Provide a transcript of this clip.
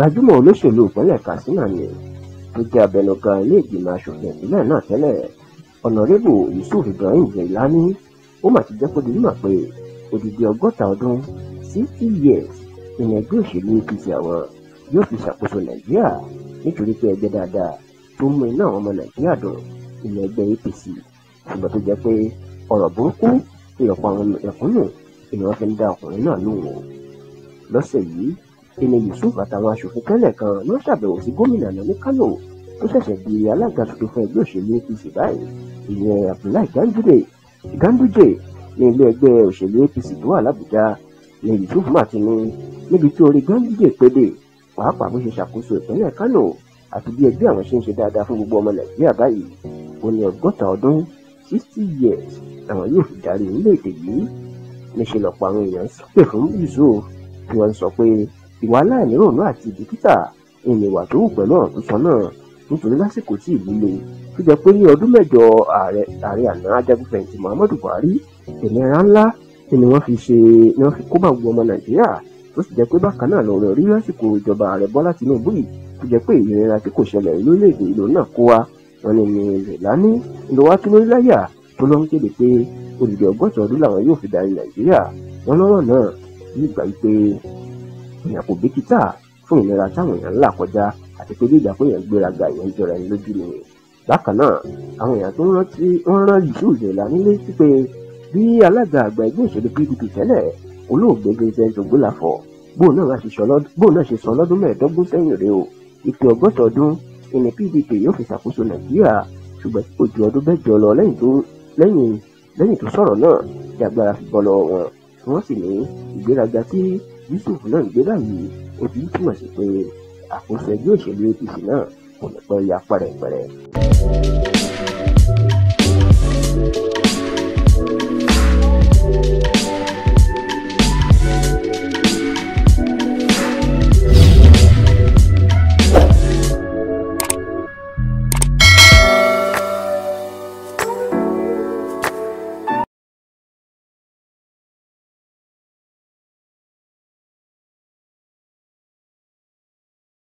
gbajúmọ̀ olóṣèlú ìpínlẹ̀ katsina ni tó jẹ́ abẹnugan ilé ìgbìmọ̀ asòfin ìpínlẹ̀ náà tẹ́lẹ̀ ọ̀nàrẹ́bù yusuf ibrahim jelani ó mà ti jẹ́ kó di mímọ̀ pé odidi ọgọ́ta ọdún sixty years ìní ẹgbẹ́ òṣèlú apc àwọn yóò fi ṣàkóso nàìjíríà nítorí pé ẹgbẹ́ dáadáa tó mú iná àwọn ọmọ nàìjíríà dùn ìní ẹgbẹ́ apc ṣùgbọ́n tó jẹ́ pé ọ̀rọ̀ burúkú ìrọ̀pọ̀ àwọn ẹ̀kúnnù ìrọ̀ fi ń da ọkùnrin náà lóhùn lọ́sẹ̀ yìí ìní Yusuf àtàwọn aṣòfin tẹ́lẹ̀ kan ló ṣàbẹ̀wò sí gómìnà náà ní Kánò tó ṣẹ̀ṣẹ̀ di alága tuntun fún ẹgbẹ́ òṣèlú APC báyìí ìyẹn Abdullahi Ganduje Ganduje ní ilé ẹgbẹ́ òṣèlú APC tó wà l'Àbújá ní Yusuf màtí ní níbi tí orí Ganduje pédè pàápàá bó ṣe ṣàkóso ìpínlẹ̀ Kánò àti bí ẹgbẹ́ àwọn ṣe ń ṣe dáadáa fún gbogbo ọmọ Nàìjíríà báyìí ó ní ọgọ́ta ọdún sixty years àwọn yóò fi darí orílẹ̀-èdè yìí níṣẹ́ lọ́pọ̀ àwọn èèyàn ń sọ pé fún Yusuf tí wọ́n ń sọ pé ìwà aláìníròònú àti ìbìkítà ìnìwà tó wù pẹ̀lú ọ̀rọ̀ tó sọ náà nítorí lásìkò tí ìlú le tó jẹ́ pé ní ọdún mẹ́jọ ààrẹ ààrẹ àná ajagunfẹ̀yìntì muhammadu buhari ìnira ńlá ni wọ́n fi ṣe ni wọ́n fi kó bá gbogbo ọmọ nàìjíríà tó sì jẹ́ pé bákan náà lọ́rọ̀ rí lásìkò ìjọba ààrẹ bọ́lá tinubu yìí tó jẹ́ pé ìrìnra tí kò ṣẹlẹ̀ lórílẹ̀‐èdè ìlú náà kó wa wọn ni ní ìlànà ìlọwà tó lórí láyà tó lọ ń kéde pé olùdí ọgọ́sọ̀ ọdún làwọn yóò fi darí nàìjíríà wọn lọ́rọ̀ náà yìí gbà wípé èèyàn kò bìkítà fún ìnira táwọn èèyàn ń là kọjá àti pé bí ìgbà pé èèyàn gbéraga èèyàn jọra ẹni lójú ni bákan náà àwọn èèyàn tó ń rántí ń rán yusuf ìlà nílé sí pé bí alága àgbà ẹgbẹ́ òṣèlú pdp tẹ́lẹ̀ olóògbé vincent ogbólàfọ̀ bóun náà ṣe sọ lọ́dún mẹ́ẹ̀ẹ́dógún sẹ́yìn rèé o ìpè ọgọ́ta ọdún ìní pdp yóò fi ṣàkóso nàìjíríà ṣùgbọ́n tí kò ju ọdún bẹ́ẹ̀ jọ lọ lẹ́yìn tó sọ̀rọ̀ náà tí agbára fi bọ́ lọ́wọ́ wọn wọ́n sì ní ìgbéraga tí Yusuf náà ń gbé báyìí ó ti túmọ̀ sí pé àkóso ẹgbẹ́ òṣèlú APC náà kò ní pẹ́ ya pẹ́rẹ́pẹ́rẹ́.